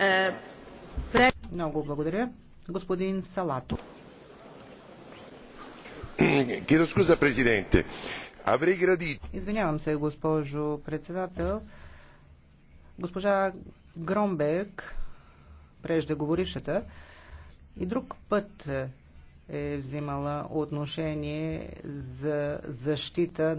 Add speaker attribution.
Speaker 1: Е, Много благодаря. Господин Салато.
Speaker 2: Chiedo scusa, президенте. Avrei
Speaker 1: Извинявам се, госпожо председател. Госпожа Громберг, преждеговорившата, и друг път е взимала отношение за защита